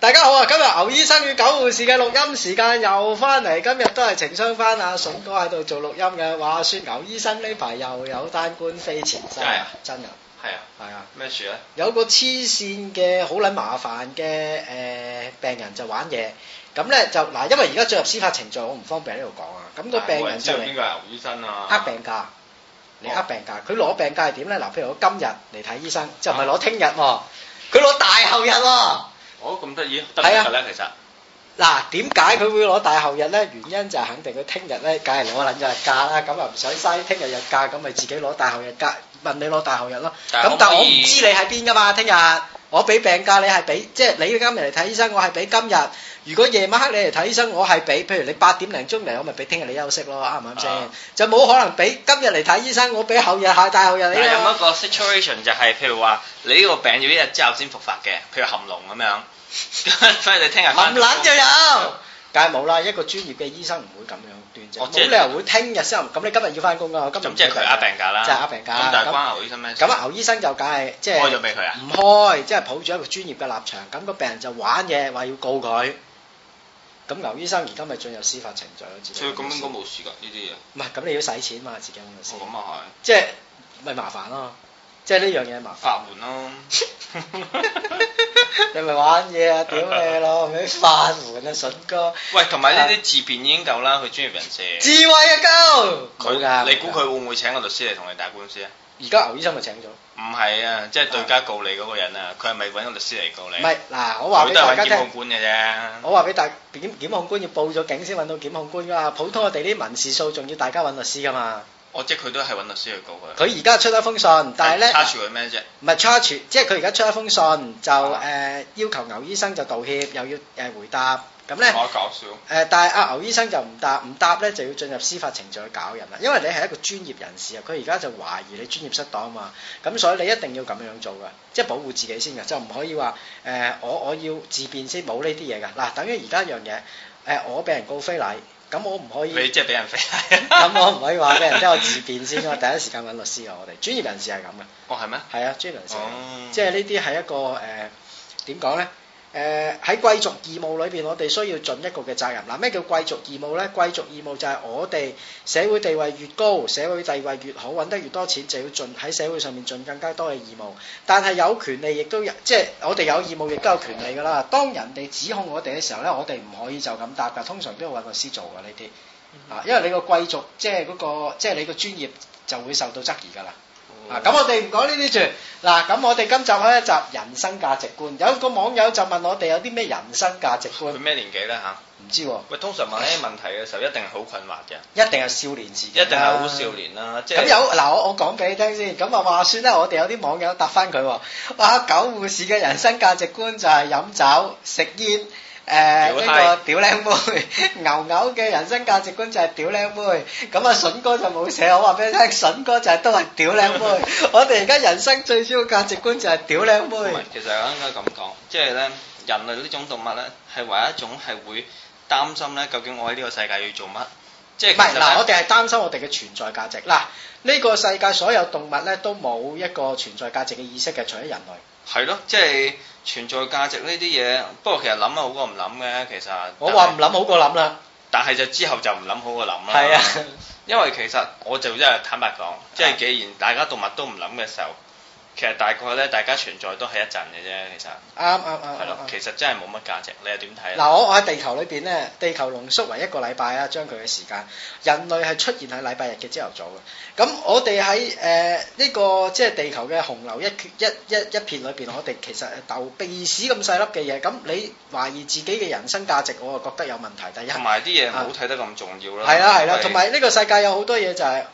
大家好啊！今日牛醫生與狗護士嘅錄音時間又翻嚟，今日都係情商翻啊，笋哥喺度做錄音嘅。話說牛醫生呢排又有單官非纏身，真人，係啊，係啊，咩事啊？事有個黐線嘅好捻麻煩嘅誒病人就玩嘢，咁咧就嗱，因為而家進入司法程序，我唔方便喺度講啊。咁個病人就係邊個啊？牛醫生啊？呃病假，你呃病假，佢攞、哦、病假係點咧？嗱，譬如我今日嚟睇醫生，就唔係攞聽日、啊，佢攞大後日、啊。哦，咁得意得啊，嘅咧，其實嗱點解佢會攞大後日咧？原因就係肯定佢聽日咧梗係攞捻咗日假啦，咁又唔使嘥聽日日假，咁咪自己攞大後日假問你攞大後日咯。咁但係是那我唔知你喺邊噶嘛，聽日。我俾病假，你係俾，即係你今日嚟睇醫生，我係俾今日。如果夜晚黑你嚟睇醫生，我係俾。譬如你八點零鐘嚟，我咪俾聽日你休息咯，啱唔啱先？就冇可能俾今日嚟睇醫生，我俾後日下，大後日你。但係有冇一個 situation 就係，譬如話你呢個病咗一日之後先復發嘅，譬如喉嚨咁樣，咁所以你聽日。冧卵就有。梗係冇啦，一個專業嘅醫生唔會咁樣斷症，冇理由會聽日先。咁你今日要返工㗎，我今日要開。咁即係佢呃病假啦，即係呃病假。咁但係關牛醫生咩事？咁牛醫生就梗係即係開咗俾佢啊！唔開，即係抱住一個專業嘅立場。咁個病人就玩嘢，話要告佢。咁牛醫生而家咪進入司法程序咯。所以咁應該冇事㗎呢啲嘢。唔係，咁你要使錢嘛？自己咁就。哦，咁啊係。即係，咪麻煩咯。即係呢樣嘢麻煩門咯，你咪玩嘢啊，屌你咯，麻煩門啊，筍哥！喂，同埋呢啲自辯已經夠啦，佢專業人士智慧啊夠，佢噶，你估佢會唔會請個律師嚟同你打官司啊？而家牛醫生咪請咗，唔係啊，即係對家告你嗰個人啊，佢係咪揾個律師嚟告你？唔係，嗱，我話俾大家聽，佢都係揾檢控官嘅啫。我話俾大檢，檢控官要報咗警先揾到檢控官噶嘛，普通我哋啲民事訴訟要大家揾律師噶嘛。我即係佢都係揾律師去告佢。佢而家出咗封信，但係咧，charge 佢咩啫？唔係 charge 即係佢而家出一封信，就誒、啊呃、要求牛醫生就道歉，又要誒回答，咁咧。嚇、喔！搞笑。誒、呃，但係阿牛醫生就唔答，唔答咧就要進入司法程序去搞人啦。因為你係一個專業人士啊，佢而家就懷疑你專業失當啊嘛。咁所以你一定要咁樣做噶，即係保護自己先噶，就唔可以話誒、呃、我我要自辯先冇呢啲嘢噶。嗱、啊，等於而家一樣嘢，誒、啊、我俾人告非禮。咁我唔可以，即係俾人飛，咁我唔可以話俾人聽 我自辯先啊！我第一時間揾律師啊！我哋專業人士係咁嘅。哦係咩？係啊，專業人士，哦、即係呢啲係一個誒點講咧？呃誒喺、呃、貴族義務裏邊，我哋需要盡一個嘅責任。嗱、啊、咩叫貴族義務咧？貴族義務就係我哋社會地位越高，社會地位越好，揾得越多錢，就要盡喺社會上面盡更加多嘅義務。但係有權利亦都有，即係我哋有義務亦都有權利㗎啦。當人哋指控我哋嘅時候咧，我哋唔可以就咁答㗎。通常都要揾律師做㗎呢啲，啊，因為你個貴族即係嗰個即係、就是、你個專業就會受到質疑㗎啦。嗱，咁我哋唔講呢啲住。嗱，咁我哋今集開一集 death，人生價值觀，有一個網友就問我哋有啲咩人生價值觀？佢咩年紀咧吓？唔知、啊。喂，通常問呢啲問題嘅時候，一定係好困惑嘅。Oatmeal oatmeal oatmeal oatmeal 一定係少年自己。一定係好少年啦。咁、就是、有嗱，我我講俾你聽先。咁啊話算啦，我哋有啲網友答翻佢、啊。哇，狗護士嘅人生價值觀就係飲酒食 煙。誒，呢個屌靚妹牛牛嘅人生價值觀就係屌靚妹，咁啊筍哥就冇寫，我話俾你聽，筍哥就係都係屌靚妹。我哋而家人生最主要價值觀就係屌靚妹。唔係，其實我應該咁講，即係咧，人類呢種動物咧係唯一一種係會擔心咧，究竟我喺呢個世界要做乜？即係唔係嗱，我哋係擔心我哋嘅存在價值。嗱，呢個世界所有動物咧都冇一個存在價值嘅意識嘅，除咗人類。係咯，即係。存在價值呢啲嘢，不過其實諗啊好過唔諗嘅，其實我話唔諗好過諗啦。但係就之後就唔諗好過諗啦。係啊，因為其實我就真係坦白講，即係既然大家動物都唔諗嘅時候。其實大概咧，大家存在都係一陣嘅啫，其實。啱啱啱。係咯，對對其實真係冇乜價值，你又點睇？嗱，我我喺地球裏邊咧，地球濃縮為一個禮拜啊，將佢嘅時間。人類係出現喺禮拜日嘅朝頭早嘅。咁我哋喺誒呢個即係地球嘅洪流一決一一一片裏邊，我哋其實豆鼻屎咁細粒嘅嘢。咁你懷疑自己嘅人生價值，我就覺得有問題。第一。同埋啲嘢唔好睇得咁重要啦。係啦係啦，同埋呢個世界有好多嘢就係、是。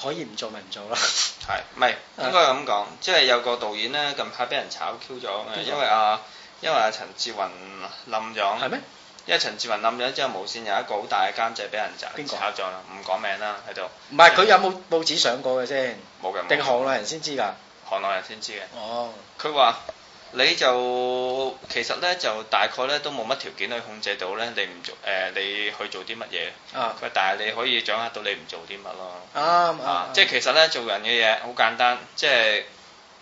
可以唔做咪唔做咯， 係，唔係應該咁講，即係有個導演咧近排俾人炒 Q 咗，因為阿因為阿陳志雲冧咗，係咩？因為、啊、陳志雲冧咗嗎，之後無線有一個好大嘅監製俾人炒，邊個炒咗啦？唔講名啦喺度，唔係佢有冇報紙上過嘅先，冇咁，定行內人先知㗎，行內人先知嘅，哦，佢話。你就其實咧，就大概咧都冇乜條件去控制到咧，你唔做誒、呃，你去做啲乜嘢啊？但係你可以掌握到你唔做啲乜咯。啱啱、啊，啊、即係其實咧，做人嘅嘢好簡單，即係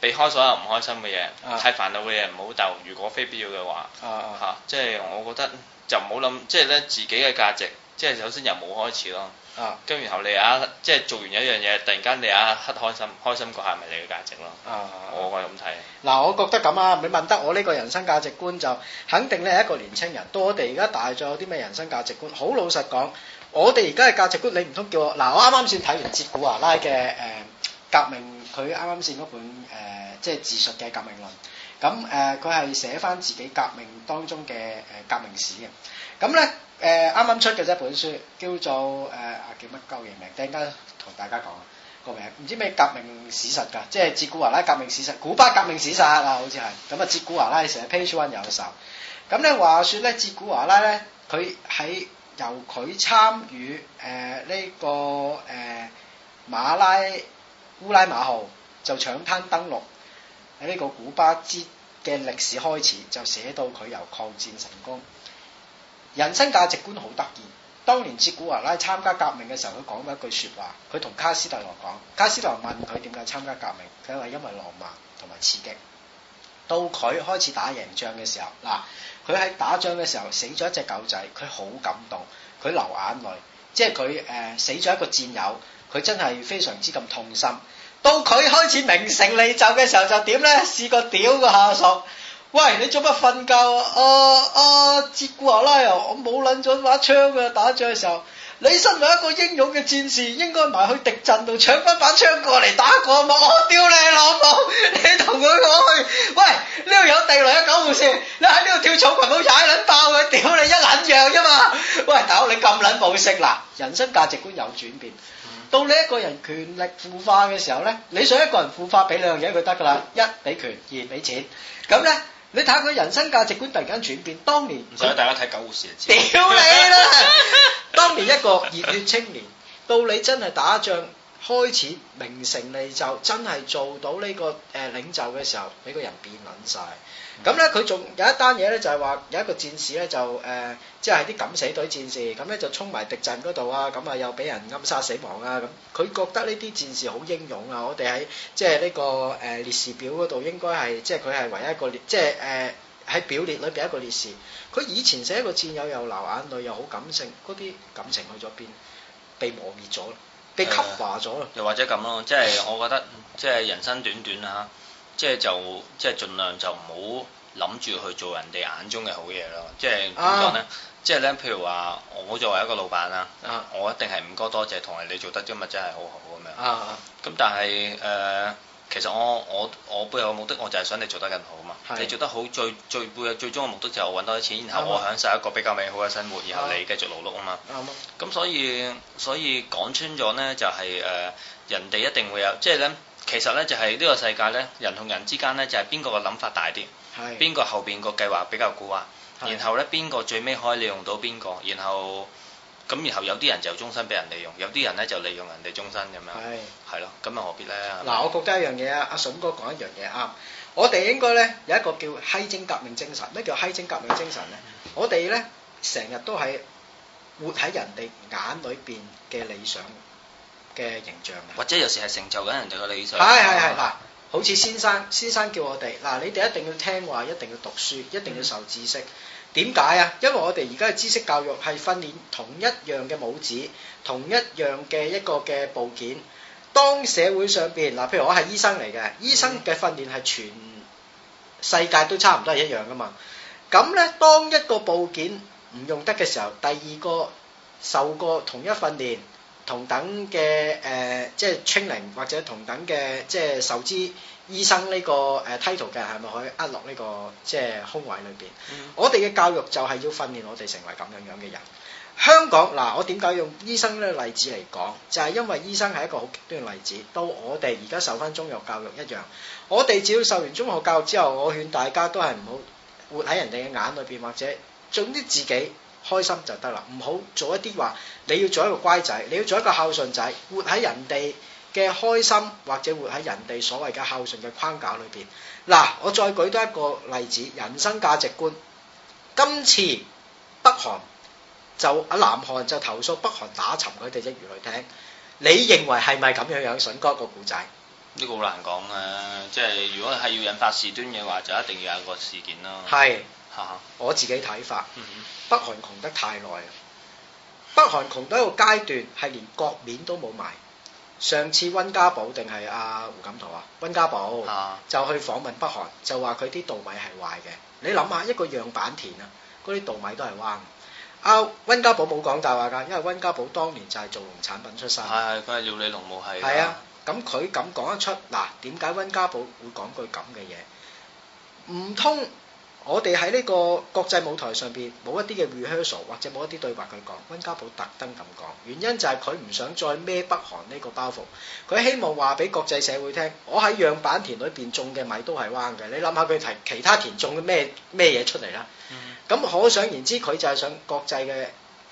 避開所有唔開心嘅嘢，啊、太煩惱嘅嘢唔好鬥。如果非必要嘅話，嚇、啊啊啊，即係我覺得就唔好諗，即係咧自己嘅價值，即係首先由冇開始咯。啊！跟然後你啊，即、就、係、是、做完一樣嘢，突然間你啊，黑開心，開心嗰下咪你嘅價值咯。啊，我係咁睇。嗱，我覺得咁啊，你問得我呢個人生價值觀就肯定咧係一個年輕人。到我哋而家大咗有啲咩人生價值觀？好老實講，我哋而家嘅價值觀，你唔通叫我嗱、啊？我啱啱先睇完哲古華拉嘅誒、呃、革命，佢啱啱先嗰本誒、呃、即係自述嘅革命論。咁、嗯、誒，佢係寫翻自己革命當中嘅誒革命史嘅。咁咧，誒啱啱出嘅一本書叫做誒啊、呃、叫乜鳩嘢名？突然間同大家講個名，唔知咩革命史實㗎，即係捷古華拉革命史實，古巴革命史實啊，好似係。咁、嗯、啊，捷古華拉成日 page one 有嘅時候，咁、嗯、咧話説咧，捷古華拉咧，佢喺由佢參與誒呢、呃這個誒、呃、馬拉烏拉馬號就搶灘登陸喺呢個古巴之嘅歷史開始，就寫到佢由抗戰成功。人生價值觀好得意。當年捷古華拉參加革命嘅時候，佢講咗一句説話。佢同卡斯特羅講，卡斯特羅問佢點解參加革命，佢話因為浪漫同埋刺激。到佢開始打贏仗嘅時候，嗱，佢喺打仗嘅時候死咗一隻狗仔，佢好感動，佢流眼淚。即係佢誒死咗一個戰友，佢真係非常之咁痛心。到佢開始名成利就嘅時候，就點咧？試過屌個下屬。喂，你做乜瞓覺啊？阿、啊、阿、啊、哲古華拉油，我冇捻准把槍嘅，打仗嘅時候，你身為一個英勇嘅戰士，應該埋去敵陣度搶翻把槍過嚟打過啊嘛！我屌你老母，你同佢講去喂，呢度有地雷，一九五四，你喺呢度跳草裙舞踩撚爆佢，屌你一撚樣啫嘛！喂，大佬你咁撚冇識嗱，人生價值觀有轉變，到你一個人權力腐化嘅時候咧，你想一個人腐化，俾兩樣嘢佢得噶啦，一俾權，二俾錢，咁咧。你睇下佢人生價值觀突然間轉變，當年唔使大家睇狗護士就知，屌你啦！當年一個熱血青年，到你真係打仗。開始名成利就真係做到呢個誒領袖嘅時候，俾個人變撚曬。咁咧佢仲有一單嘢咧，就係話有一個戰士咧就誒，即係喺啲敢死隊戰士，咁咧就衝埋敵陣嗰度啊，咁啊又俾人暗殺死亡啊咁。佢覺得呢啲戰士好英勇啊，我哋喺即係呢個誒烈士表嗰度應該係即係佢係唯一一個烈，即係誒喺表列裏邊一個烈士。佢以前寫個戰友又流眼淚又好感性，嗰啲感情去咗邊？被磨滅咗啦。被吸華咗、呃、又或者咁咯，即係我覺得，即係人生短短啊，即係就即係盡量就唔好諗住去做人哋眼中嘅好嘢咯，即係點講呢？啊、即係呢，譬如話我作為一個老闆啦，啊、我一定係唔該多謝同埋你，你做得啲物質係好好咁樣，咁、啊啊、但係誒。呃其實我我我背後嘅目的我就係想你做得更好嘛，是的 你做得好最最背最終嘅目的就係我揾多啲錢，然後我享受一個比較美好嘅生活，然後你繼續勞碌啊嘛。咁是的 所以所以講穿咗呢，就係、是、誒、呃、人哋一定會有，即係呢，其實呢，就係、是、呢個世界呢人同人之間呢，就係邊個嘅諗法大啲，邊個是的 後邊個計劃比較蠱惑，是的 然後呢，邊個最尾可以利用到邊個，然後。咁然後有啲人就終身俾人利用，有啲人咧就利用人哋終身咁樣，係係咯，咁又何必咧？嗱，我覺得一樣嘢啊，阿筍哥講一樣嘢啱，我哋應該咧有一個叫批精革命精神。咩叫批精革命精神咧？嗯、我哋咧成日都係活喺人哋眼裏邊嘅理想嘅形象，或者有時係成就緊人哋嘅理想。係係係，嗱，好似先生，先生叫我哋嗱，你哋一定要聽話，一定要讀書，一定要，一定要受知識。點解啊？因為我哋而家嘅知識教育係訓練同一樣嘅拇指、同一樣嘅一個嘅部件。當社會上邊嗱，譬如我係醫生嚟嘅，醫生嘅訓練係全世界都差唔多係一樣㗎嘛。咁咧，當一個部件唔用得嘅時候，第二個受過同一訓練、同等嘅誒、呃，即係 training 或者同等嘅即係受資。醫生呢個誒 title 嘅係咪可以壓落呢個即係，就是，空位裏邊？嗯、我哋嘅教育就係要訓練我哋成為咁樣樣嘅人。香港嗱，我點解用醫生呢個例子嚟講？就係、是，因為醫生係一個好極端嘅例子。到我哋而家受翻中學教育一樣，我哋只要受完中學教育之後，我勸大家都係唔好活喺人哋嘅眼裏邊，或者總之自己開心就得啦。唔好做一啲話你要做一個乖仔，你要做一個孝順仔，活喺人哋。嘅開心或者活喺人哋所謂嘅孝順嘅框架裏邊。嗱，我再舉多一個例子，人生價值觀。今次北韓就喺南韓就投訴北韓打沉佢哋一魚雷艇，你認為係咪咁樣樣？筍哥個故仔，呢個好難講啊！即係如果係要引發事端嘅話，就一定要有個事件咯。係吓是， 我自己睇法，北韓窮得太耐。北韓窮到一個階段係連國面都冇埋。上次温家寶定係阿胡錦濤啊？温、啊、家寶、啊，就去訪問北韓，就話佢啲稻米係壞嘅。你諗下，一個樣板田啊，嗰啲稻米都係壞。阿、啊、温家寶冇講大話噶，因為温家寶當年就係做農產品出身，係佢係料理農務系。係啊，咁佢咁講得出嗱？點解温家寶會講句咁嘅嘢？唔通？我哋喺呢個國際舞台上邊冇一啲嘅 rehearsal 或者冇一啲對白佢講，温家寶特登咁講，原因就係佢唔想再孭北韓呢個包袱，佢希望話俾國際社會聽，我喺樣板田裏邊種嘅米都係彎嘅，你諗下佢提其他田種嘅咩咩嘢出嚟啦，咁、mm hmm. 可想而知，佢就係想國際嘅。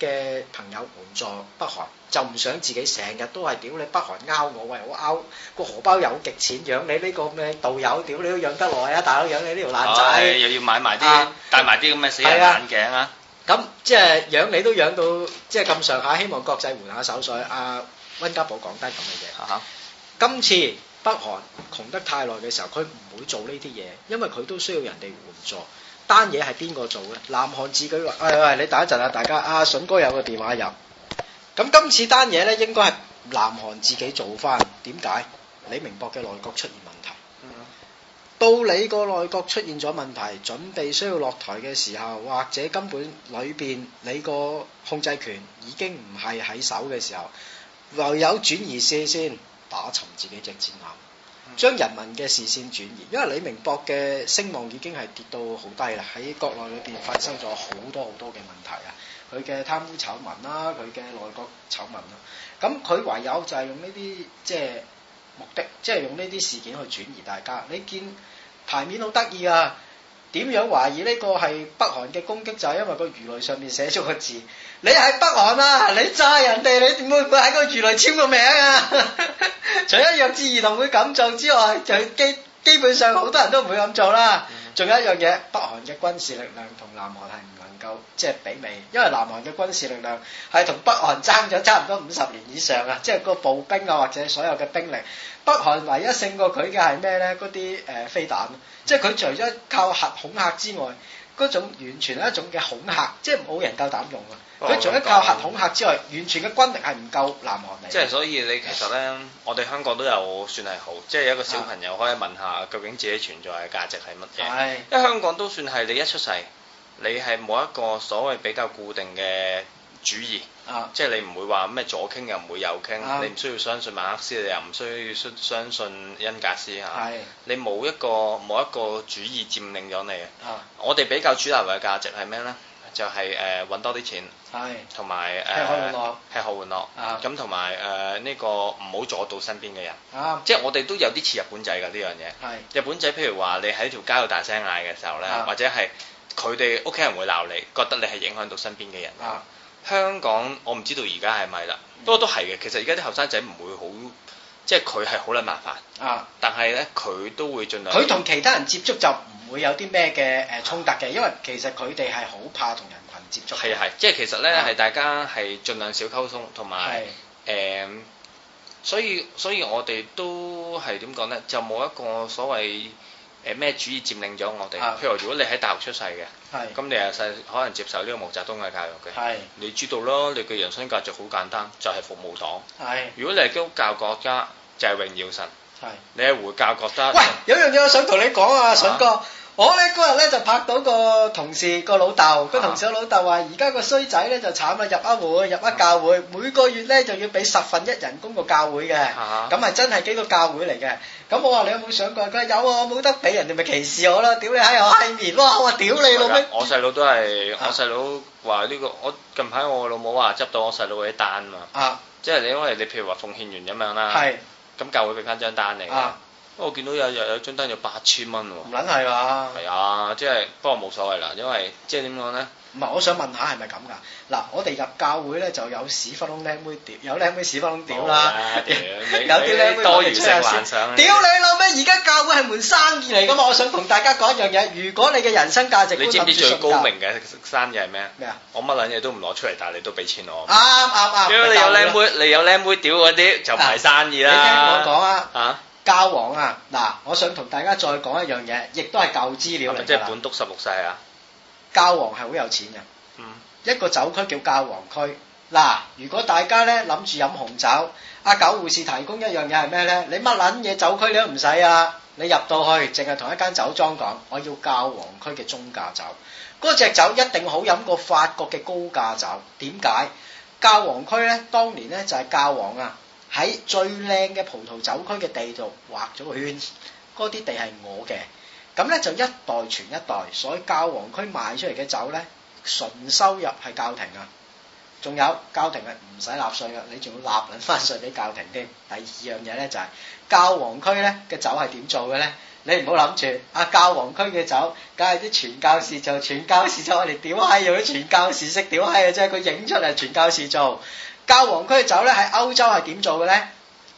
嘅朋友援助北韓，就唔想自己成日都係屌你北韓勾我喂，我拗！個荷包有極錢養你呢個咩道友，屌你都養得耐啊！大佬養你呢條爛仔、哎，又要買埋啲戴埋啲咁嘅四眼眼鏡啊！咁、啊啊、即係養你都養到即係咁上下，希望國際援下手水。阿、啊、温家寶講低咁嘅嘢，啊、今次北韓窮得太耐嘅時候，佢唔會做呢啲嘢，因為佢都需要人哋援助。單嘢係邊個做嘅？南韓自己話，誒、哎、喂，你等一陣啊，大家阿笋、啊、哥有個電話入。咁今次單嘢咧，應該係南韓自己做翻。點解？李明博嘅內閣出現問題。到你個內閣出現咗問題，準備需要落台嘅時候，或者根本裏邊你個控制權已經唔係喺手嘅時候，唯有轉移視線先，打沉自己隻戰艦。將人民嘅視線轉移，因為李明博嘅聲望已經係跌到好低啦，喺國內裏邊發生咗好多好多嘅問題啊，佢嘅貪污醜聞啦，佢嘅內閣醜聞啦，咁佢唯有就係用呢啲即係目的，即係用呢啲事件去轉移大家。你見牌面好得意啊，點樣懷疑呢個係北韓嘅攻擊？就係因為個魚雷上面寫咗個字。你喺北韓啊！你炸人哋，你點唔會喺個魚雷簽個名啊？ 除咗弱智兒童會咁做之外，就基基本上好多人都唔會咁做啦。仲、嗯、有一樣嘢，北韓嘅軍事力量同南韓係唔能夠即係、就是、比美，因為南韓嘅軍事力量係同北韓爭咗差唔多五十年以上啊！即、就、係、是、個步兵啊，或者所有嘅兵力，北韓唯一勝過佢嘅係咩咧？嗰啲誒飛彈，即係佢除咗靠核恐嚇之外。嗰種完全係一種嘅恐嚇，即係冇人夠膽用啊！佢除咗靠核恐嚇之外，完全嘅軍力係唔夠南韓嘅。即係所以你其實呢，是我哋香港都有算係好，即係有一個小朋友可以問下是究竟自己存在嘅價值係乜嘢。是因為香港都算係你一出世，你係冇一個所謂比較固定嘅。主義啊，即係你唔會話咩左傾又唔會右傾，你唔需要相信馬克思，你又唔需要相信恩格斯嚇。係，你冇一個冇一個主義佔領咗你啊！我哋比較主流嘅價值係咩咧？就係誒搵多啲錢，係同埋誒吃喝玩樂，吃喝玩樂啊！咁同埋誒呢個唔好阻到身邊嘅人啊！即係我哋都有啲似日本仔㗎呢樣嘢。係日本仔，譬如話你喺條街度大聲嗌嘅時候咧，或者係佢哋屋企人會鬧你，覺得你係影響到身邊嘅人啊！香港我唔知道而家係咪啦，不過都係嘅。其實而家啲後生仔唔會好，即係佢係好撚麻煩啊！但係咧，佢都會儘量，佢同其他人接觸就唔會有啲咩嘅誒衝突嘅，因為其實佢哋係好怕同人群接觸。係啊係，即係其實咧係、啊、大家係儘量少溝通同埋誒，所以所以我哋都係點講咧，就冇一個所謂。誒咩主義佔領咗我哋？的譬如如果你喺大陸出世嘅，咁的你係細可能接受呢個毛澤東嘅教育嘅，的你知道咯。你嘅人生價值好簡單，就係、是、服務黨。係的。如果你係基督教國家，就係、是、榮耀神。係的。你係回教，教國家。喂，有一樣嘢我想同你講啊，筍、啊、哥。我咧嗰日咧就拍到個同事個老豆，個、啊、同事老個老豆話：而家個衰仔咧就慘啦，入一會入一教會，啊、每個月咧就要俾十分一人工一個教會嘅，咁係、啊、真係幾個教會嚟嘅？咁我話你有冇想過？佢話有啊，我冇得俾人哋咪歧視我咯，屌你喺我係面咯，我話屌你老咩？我細佬都係，啊、我細佬話呢個，我近排我老母話執到我細佬嗰啲單嘛，啊、即係你因為你譬如話奉獻員咁樣啦，咁教會俾翻張單嚟。啊啊我見到有有有張單有八千蚊喎，唔撚係嘛？係啊，即係不過冇所謂啦，因為即係點講咧？唔係，我想問下係咪咁噶？嗱，我哋入教會咧就有屎忽窿靚妹屌，有靚妹屎忽窿屌啦，有啲靚妹多餘性幻想。屌你老味！而家教會係門生意嚟噶嘛？我想同大家講一樣嘢，如果你嘅人生價值，你知唔知最高明嘅生意係咩？咩啊？我乜撚嘢都唔攞出嚟，但係你都俾錢我。啱啱啱。如果你有靚妹，你有靚妹屌嗰啲就唔係生意啦。你聽我講啊。嚇？教皇啊，嗱，我想同大家再講一樣嘢，亦都係舊資料，即係本篤十六世啊。教皇係好有錢嘅。嗯。一個酒區叫教皇區。嗱，如果大家咧諗住飲紅酒，阿狗護士提供一樣嘢係咩咧？你乜撚嘢酒區你都唔使啊！你入到去，淨係同一間酒莊講，我要教皇區嘅中價酒。嗰隻酒一定好飲過法國嘅高價酒。點解？教皇區咧，當年咧就係教皇啊。喺最靚嘅葡萄酒區嘅地度畫咗個圈，嗰啲地係我嘅，咁咧就一代傳一代，所以教皇區賣出嚟嘅酒咧，純收入係教廷啊，仲有教廷係唔使納稅噶，你仲要納緊翻稅俾教廷添。第二樣嘢咧就係、是、教皇區咧嘅酒係點做嘅咧？你唔好諗住啊，教皇區嘅酒梗係啲傳教士做，傳教士就我哋屌閪用啲傳教士識屌閪啊，即係佢影出嚟傳教士做。教皇區嘅酒咧喺歐洲係點做嘅咧？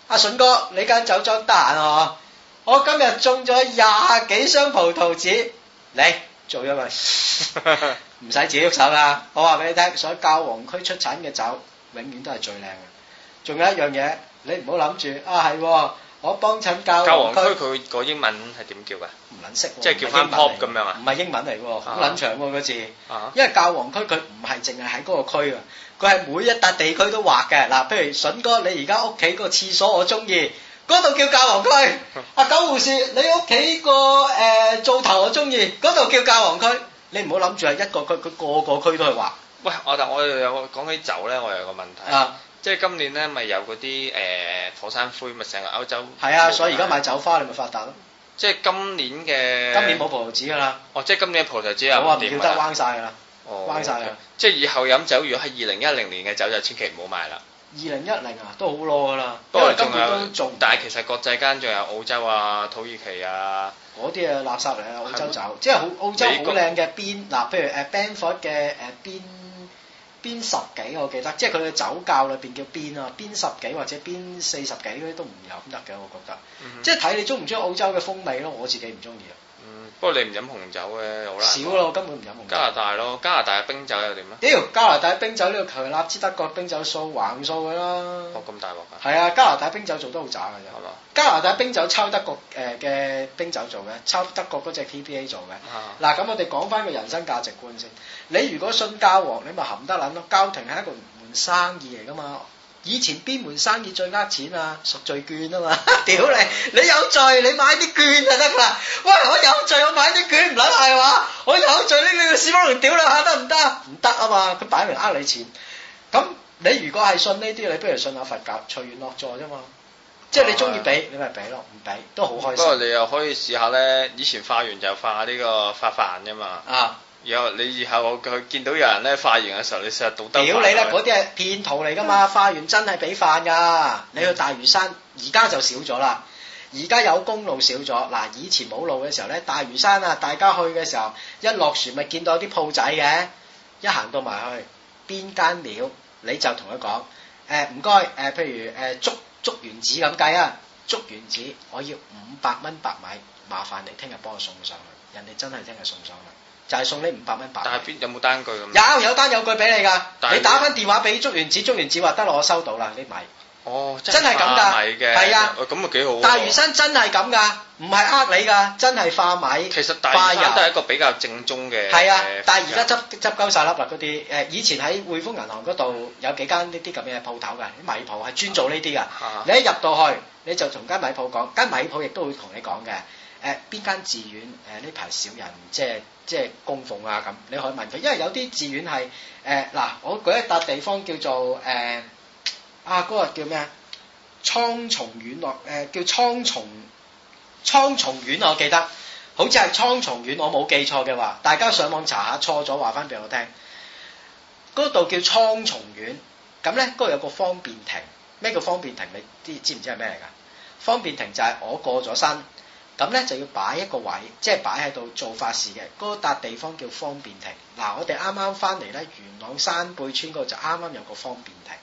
阿、啊、順哥，你間酒莊得閒啊？我今日中咗廿幾箱葡萄子，你做咗未？唔使 自己喐手噶，我話俾你聽，所以教皇區出產嘅酒永遠都係最靚嘅。仲有一樣嘢，你唔好諗住啊，係。我幫襯教教皇區，佢個英文係點叫㗎？唔撚識，即係叫翻 pop 咁樣啊？唔係英文嚟喎，好撚長喎個字。Uh huh. 因為教皇區佢唔係淨係喺嗰個區啊，佢係每一笪地區都劃嘅。嗱，譬如筍哥，你而家屋企個廁所我中意，嗰度叫教皇區。阿、 啊、九護士，你屋企個誒灶頭我中意，嗰度叫教皇區。你唔好諗住係一個區，佢個個區都係劃。喂，但我就我又有講起酒咧，我有個問題。 即係今年咧，咪有嗰啲誒火山灰，咪成個歐洲。係啊，所以而家買酒花你咪發達咯。即係今年嘅。今年冇葡萄籽㗎啦。哦，即係今年嘅葡萄籽又冇點㗎啦。唔好話變得彎曬㗎啦，彎曬㗎。即係以後飲酒，如果係二零一零年嘅酒就千祈唔好買啦。二零一零啊，都好耐㗎啦。不過，仲有。但係其實國際間仲有澳洲啊、土耳其啊。嗰啲啊垃圾嚟啊，澳洲酒，即係好澳洲好靚嘅邊，嗱，譬如誒 Benford 嘅誒邊。邊十幾我記得，即係佢嘅酒窖裏邊叫邊啊，邊十幾或者邊四十幾嗰啲都唔飲得嘅，我覺得，嗯、哼即係睇你中唔中意澳洲嘅風味咯。我自己唔中意啊。嗯，不過你唔飲紅酒嘅好啦。難過少咯，我根本唔飲紅酒。加拿大咯，加拿大嘅冰酒又點、哦、啊？屌、啊，加拿，吧加拿大冰酒呢個求其納茲德國冰酒數橫數嘅啦。哦，咁大鑊噶。係啊，加拿大冰酒做得好渣嘅啫。係嘛？加拿大冰酒抄德國誒嘅冰酒做嘅，抄德國嗰隻 TBA 做嘅。嗱，咁我哋講翻個人生價值觀先。你如果信教皇，你咪含得捻咯。教廷係一個門生意嚟噶嘛。以前邊門生意最呃錢啊？贖罪券啊嘛哈哈。屌你，你有罪，你買啲券就得啦。喂，我有罪，我買啲券唔捻係嘛？我有罪，呢你個屎窟窿屌兩下得唔得？唔得啊嘛，佢擺明呃你錢。咁你如果係信呢啲，你不如信下佛教，隨緣落座啫嘛。即係你中意俾，你咪俾咯。唔俾都好開心。不過你又可以試下咧，以前化緣就化呢個發飯啫嘛。啊。你以後，我佢見到有人咧化緣嘅時候，你成日道德屌你啦！嗰啲係騙徒嚟㗎嘛，化緣真係俾飯㗎。你去大嶼山，而家就少咗啦。而家有公路少咗嗱，以前冇路嘅時候咧，大嶼山啊，大家去嘅時候一落船咪見到啲鋪仔嘅，一行到埋去邊間廟，你就同佢講誒唔該誒，譬如誒竹竹原子咁計啊，竹原子我要五百蚊白米，麻煩你聽日幫我送上去，人哋真係聽日送上去。就係送你五百蚊白，但係邊有冇單據咁？有有單有據俾你噶，是你打翻電話俾竹原子，竹原子話得咯，我收到啦，你米，哦，真係咁噶，米嘅，的係啊，咁啊幾好。大魚山真係咁噶，唔係呃你噶，真係化米。其實大魚山都係一個比較正宗嘅。係啊，呃、但係而家執執鳩晒粒啦嗰啲，誒，以前喺匯豐銀行嗰度有幾間呢啲咁嘅鋪頭噶，啲米鋪係專做呢啲噶。啊啊、你一入到去，你就同間米鋪講，間米鋪亦都會同你講嘅。誒邊間寺院誒呢排少人，即係即係供奉啊！咁你可以問佢，因為有啲寺院係誒嗱，我舉一笪地方叫做誒、呃、啊，嗰個叫咩？蒼松院落誒，叫蒼松蒼松院啊！我記得好似係蒼松院，我冇記錯嘅話，大家上網查下，錯咗話翻俾我聽。嗰度叫蒼松院，咁咧嗰度有個方便亭，咩叫方便亭？你哋知唔知係咩嚟㗎？方便亭就係我過咗身。咁咧就要擺一個位，即係擺喺度做法事嘅嗰笪地方叫方便亭。嗱，我哋啱啱翻嚟咧，元朗山貝村嗰度就啱啱有個方便亭。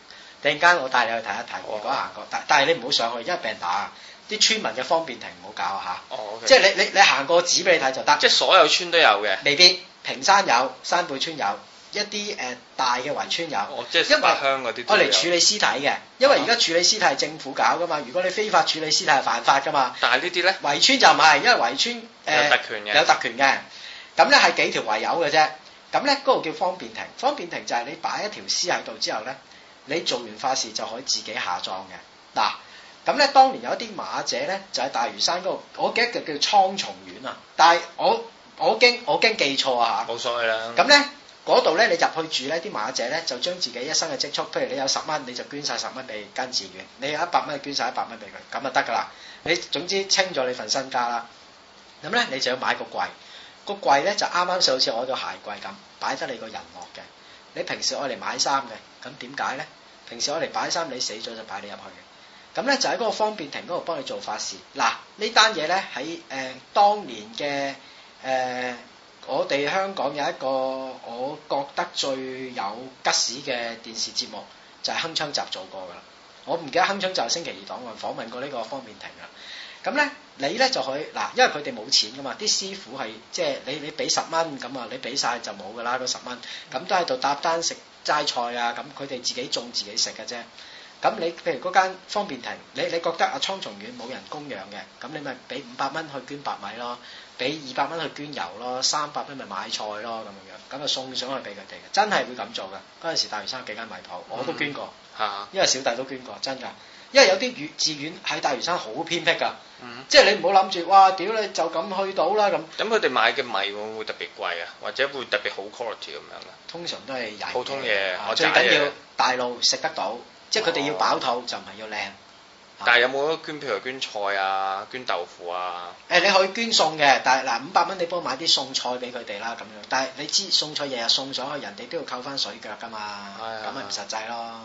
突然間我帶你去睇一睇，如果行過，但但係你唔好上去，因為俾人打啊！啲村民嘅方便亭唔好搞嚇，下哦 okay、即係你你你行過指俾你睇就得。即係所有村都有嘅。未必平山有，山貝村有。一啲誒、呃、大嘅圍村有，哦、即係一百鄉啲，我嚟處理屍體嘅，啊、因為而家處理屍體係政府搞噶嘛，如果你非法處理屍體係犯法噶嘛。但係呢啲咧，圍村就唔係，因為圍村誒、呃、有特權嘅，有特權嘅。咁咧係幾條圍友嘅啫。咁咧嗰度叫方便亭，方便亭就係你擺一條屍喺度之後咧，你做完法事就可以自己下葬嘅。嗱，咁咧當年有一啲馬姐咧，就喺、是、大嶼山嗰度，我記得就叫蒼松苑啊。但係我我驚我驚記錯啊嚇。冇所謂啦。咁咧，嗰度咧，你入去住咧，啲媽姐咧就將自己一生嘅積蓄，譬如你有十蚊，你就捐晒十蚊俾跟住嘅；你有一百蚊，就捐晒一百蚊俾佢，咁就得㗎啦。你總之清咗你份身家啦。咁咧，你就要買個櫃，那個櫃咧就啱啱就好似我個鞋櫃咁，擺得你個人落嘅。你平時愛嚟買衫嘅，咁點解咧？平時愛嚟擺衫，你死咗就擺你入去嘅。咁咧就喺嗰個方便亭嗰度幫你做法事。嗱，呢單嘢咧喺誒當年嘅誒。呃我哋香港有一個我覺得最有吉屎嘅電視節目，就係、是《鏗鏘集》做過噶啦。我唔記得《鏗鏘集》係星期二檔案訪問過呢個方綺亭啦。咁咧，你咧就可以，嗱，因為佢哋冇錢噶嘛，啲師傅係即係你你俾十蚊咁啊，你俾晒就冇噶啦嗰十蚊，咁都喺度搭單食齋菜啊，咁佢哋自己種自己食嘅啫。咁你譬如嗰間方便亭，你你覺得阿蒼松苑冇人供養嘅，咁你咪俾五百蚊去捐白米咯，俾二百蚊去捐油咯，三百蚊咪買菜咯咁樣，咁啊送上去俾佢哋，真係會咁做㗎。嗰陣時大嶼山有幾間米鋪，嗯、我都捐過，嗯啊、因為小弟都捐過，真㗎。因為有啲越字院喺大嶼山好偏僻㗎，即係、嗯、你唔好諗住哇，屌你就咁去到啦咁。咁佢哋買嘅米會唔會特別貴啊？或者會特別好 quality 咁樣咧？通常都係普通嘢，通最緊要大路食得到。即係佢哋要飽肚、哦、就唔係要靚。但係有冇捐譬如捐菜啊、捐豆腐啊？誒、哎，你可以捐餸嘅，但係嗱，五百蚊你幫我買啲餸菜俾佢哋啦咁樣。但係你知餸菜日日送上去，人哋都要扣翻水腳㗎嘛，係啊，咁咪唔實際咯。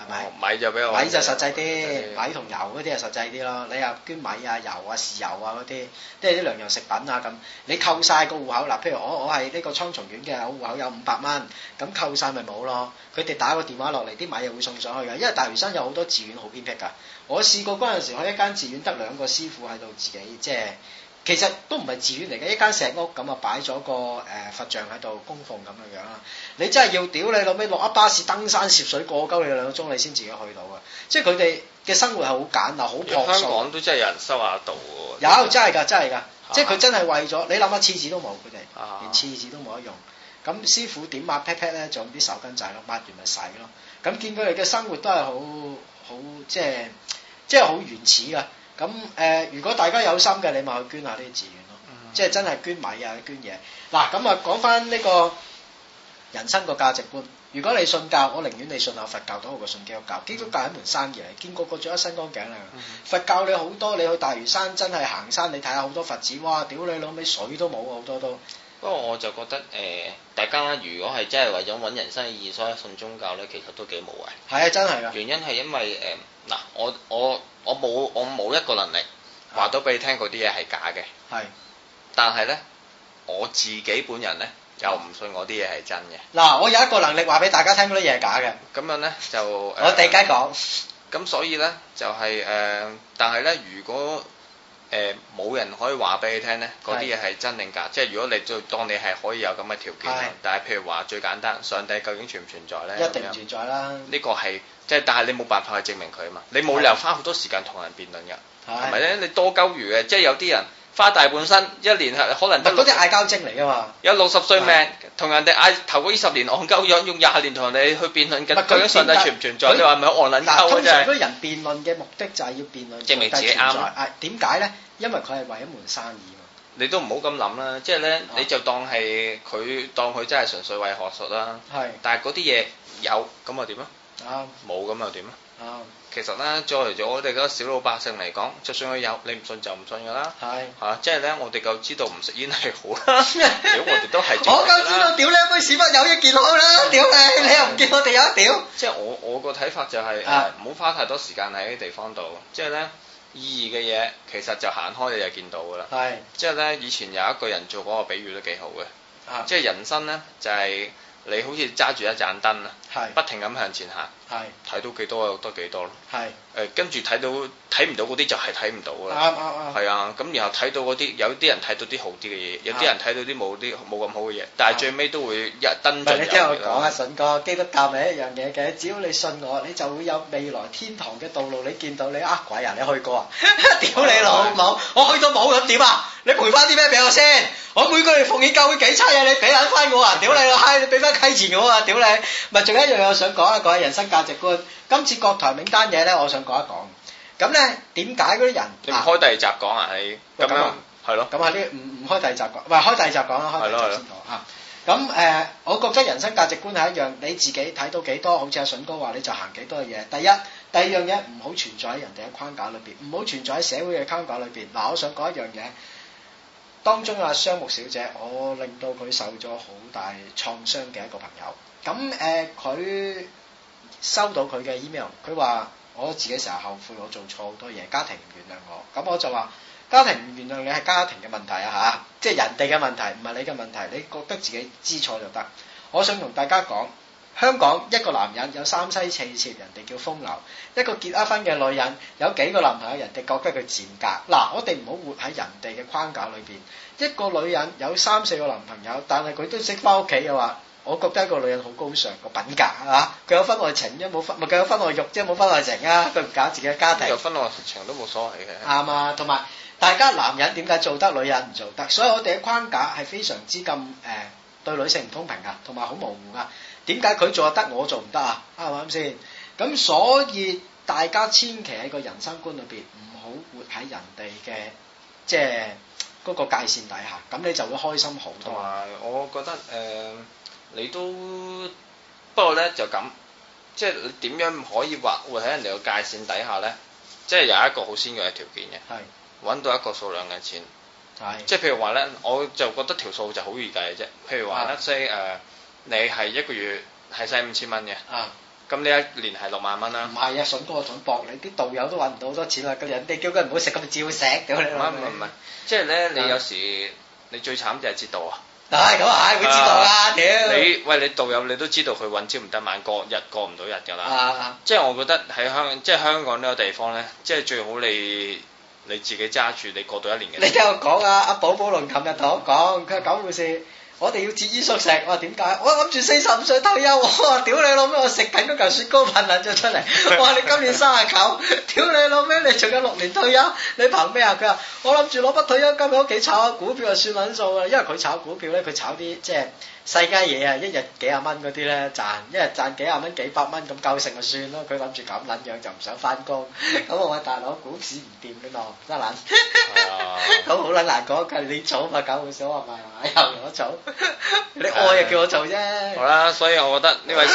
係咪？是是米就比較米就實際啲，嗯、米同油嗰啲啊實際啲咯。你啊捐米啊油啊豉油啊嗰啲，即係啲糧油食品啊咁。你扣晒個戶口嗱，譬如我我係呢個蒼松院嘅，我戶口有五百蚊，咁扣晒咪冇咯。佢哋打個電話落嚟，啲米又會送上去㗎。因為大嶼山有好多寺院好偏僻㗎。我試過嗰陣時，我一間寺院得兩個師傅喺度自己即係。其實都唔係寺院嚟嘅，一間石屋咁啊，擺咗個誒佛像喺度供奉咁樣樣啦。你真係要屌你老尾落一巴士登山涉水過鳩你兩個鐘，你先自己去到啊。即係佢哋嘅生活係好簡啊，好樸素。香港都真係有人修下道喎。有真係㗎，真係㗎。啊、即係佢真係為咗你諗下廁紙都冇，佢哋、啊、連廁紙都冇得用。咁師傅點抹 pat pat 咧？就用啲手巾仔咯，抹完咪洗咯。咁見佢哋嘅生活都係好好，即係即係好原始㗎。咁誒，如果大家有心嘅，你咪去捐下呢啲志願咯，即係真係捐米啊、捐嘢。嗱咁啊，講翻呢個人生個價值觀。如果你信教，我寧願你信下佛教多過信基督教。基督教係一門生意嚟，見個個著一身光頸啊！佛教你好多，你去大嶼山真係行山，你睇下好多佛寺，哇！屌你老味，水都冇好多都。不過我就覺得誒，大家如果係真係為咗揾人生意義，所以信宗教咧，其實都幾無謂。係啊，真係噶。原因係因為誒，嗱，我我。我冇我冇一個能力話到俾你聽嗰啲嘢係假嘅，係但係呢，我自己本人呢，又唔信我啲嘢係真嘅。嗱、嗯，我有一個能力話俾大家聽嗰啲嘢係假嘅。咁樣呢，就、 呃、我第街講。咁所以呢，就係、係、誒、呃，但係呢，如果。誒冇、呃、人可以話俾你聽咧，嗰啲嘢係真定假？的即係如果你就當你係可以有咁嘅條件的但係譬如話最簡單，上帝究竟存唔存在咧？一定唔存在啦！呢、呢個係即係，但係你冇辦法去證明佢啊嘛！你冇理由花好多時間同人辯論㗎，係咪咧？同埋呢，你多鳩餘嘅，即係有啲人。花大半生一年可能得嗰啲嗌交精嚟噶嘛。有六十歲命，同人哋嗌頭嗰二十年戇鳩。用用廿年同人哋去辯論，究竟上帝存唔存在？他你話咪戇撚鳩啫？通常嗰啲人辯論嘅目的就係要辯論證明自己啱啊！點解咧？因為佢係為一門生意嘛！你都唔好咁諗啦，即係咧你就當係佢當佢真係純粹為學術啦。係的，但係嗰啲嘢有咁又點啊？啊，冇咁又點啊？其實呢，作為咗我哋嗰小老百姓嚟講，就算佢有，你唔信就唔信噶啦。係。嚇，即係呢，我哋夠知道唔食煙係好啦。屌，我哋都係。我夠知道屌你妹屎忽有益健康啦！屌你，你又唔見我哋有得屌。即係我我個睇法就係，唔好花太多時間喺啲地方度。即係呢，意義嘅嘢其實就行開你就見到噶啦。係。即係呢，以前有一個人做嗰個比喻都幾好嘅。即係人生呢，就係你好似揸住一盞燈啊。係不停咁向前行，係睇到幾多得幾多咯，係誒跟住睇到睇唔到嗰啲就係睇唔到啦，啱啱啱，係啊，咁然後睇到嗰啲有啲人睇到啲好啲嘅嘢，有啲人睇到啲冇啲冇咁好嘅嘢，但係最尾都會一登唔係，你聽我講啊，信個基督教係一樣嘢嘅，只要你信我，你就會有未來天堂嘅道路，你見到你，呃鬼啊，你去過啊？屌你老母，我去到冇咁點啊？你賠翻啲咩俾我先？我每個月奉獻教會幾差啊？你俾翻翻我啊？屌你老閪，你俾翻契錢我啊？屌你，咪仲一。一樣，我想講一講人生價值觀。今次國台名單嘢咧，我想講一講。咁咧，點解嗰啲人？開第二集講啊，你咁樣係咯？咁啊，啲唔唔開第二集講，唔係開第二集講啦，開第二集先講吓。咁誒，我覺得人生價值觀係一樣，你自己睇到幾多，好似阿筍哥話，你就行幾多嘢。第一，第二樣嘢唔好存在喺人哋嘅框架裏邊，唔好存在喺社會嘅框架裏邊。嗱，我想講一樣嘢，當中阿雙木小姐，我令到佢受咗好大創傷嘅一個朋友。咁誒，佢、呃、收到佢嘅 email，佢話：我自己成日後悔，我做錯好多嘢，家庭唔原諒我。咁我就話：家庭唔原諒你係家庭嘅問題啊吓、啊，即係人哋嘅問題，唔係你嘅問題。你覺得自己知錯就得。我想同大家講，香港一個男人有三妻四妾，人哋叫風流；一個結咗婚嘅女人有幾個男朋友，人哋覺得佢賤格。嗱，我哋唔好活喺人哋嘅框架裏邊。一個女人有三四個男朋友，但係佢都識返屋企嘅話。我覺得一個女人好高尚個品格嚇，佢有婚外情啫，冇分咪佢有婚外欲啫，冇婚外情啊，佢唔搞自己嘅家庭。有婚外情都冇所謂嘅。啊，同埋大家男人點解做得女人唔做得？所以我哋嘅框架係非常之咁誒、呃，對女性唔公平㗎，同埋好模糊㗎。點解佢做得我做唔得啊？啱唔啱先？咁所以大家千祈喺個人生觀裏邊唔好活喺人哋嘅即係嗰、嗰個界線底下，咁你就會開心好多。同埋我覺得誒。呃你都不過咧就咁，即係你點樣唔可以劃會喺人哋個界線底下咧？即係有一個好先嘅條件嘅，揾到一個數量嘅錢，即係譬如話咧，我就覺得條數就好易計嘅啫。譬如話咧，即係誒，你係一個月係使五千蚊嘅，咁你一年係六萬蚊啦。唔係啊，筍哥仲搏你啲導遊都揾唔到好多錢啦，咁人哋叫佢唔好食咁，照食咁你。唔係唔係，即係咧，你有時你最慘就係接導啊。唉，咁啊，會知道啦，屌！你喂，你導遊，你都知道佢揾錢唔得晚，晚過日過唔到日噶啦。啊啊、即係我覺得喺香即係香港呢個地方呢，即係最好你你自己揸住，你過到一年嘅。你聽我講啊！阿寶寶龍琴日同我講，佢係咁回事。我哋要節衣縮食，我話點解？我諗住四十五歲退休，我屌你老味，我食緊嗰嚿雪糕噴撚咗出嚟。我話你今年三啊九，屌你老味，你仲有六年退休，你憑咩啊？佢話我諗住攞筆退休金喺屋企炒下股，股票，又算穩數㗎。因為佢炒股票咧，佢炒啲即係。世界嘢啊，一日幾廿蚊嗰啲咧賺，一日賺幾廿蚊、幾百蚊咁夠食就算咯。佢諗住咁撚樣就唔想翻工，咁 我話大佬股市唔掂嘅喏，真係 難。咁好撚難講，佢你做嘛，搞冇做，係咪又我做，你愛又叫我做啫。 好啦，所以我覺得呢位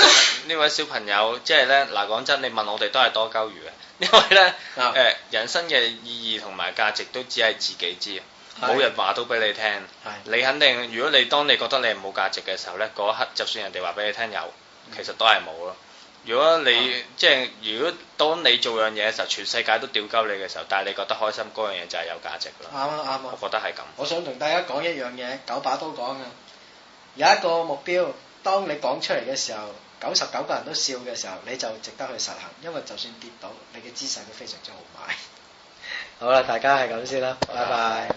呢位小朋友， 小朋友即係咧嗱，講真，你問我哋都係多鳩餘嘅。因為咧誒， 人生嘅意義同埋價值都只係自己知。冇人話到俾你聽，的你肯定。如果你當你覺得你係冇價值嘅時候呢，嗰一刻就算人哋話俾你聽有，其實都係冇咯。如果你、嗯、即係如果當你做樣嘢嘅時候，全世界都吊鳩你嘅時候，但係你覺得開心嗰樣嘢就係有價值噶啦。啱啊啱、啊、我覺得係咁。我想同大家講一樣嘢，九把刀都講啊！有一個目標，當你講出嚟嘅時候，九十九個人都笑嘅時候，你就值得去實行，因為就算跌倒，你嘅姿勢都非常之豪邁。 好啦，大家係咁先啦，拜拜。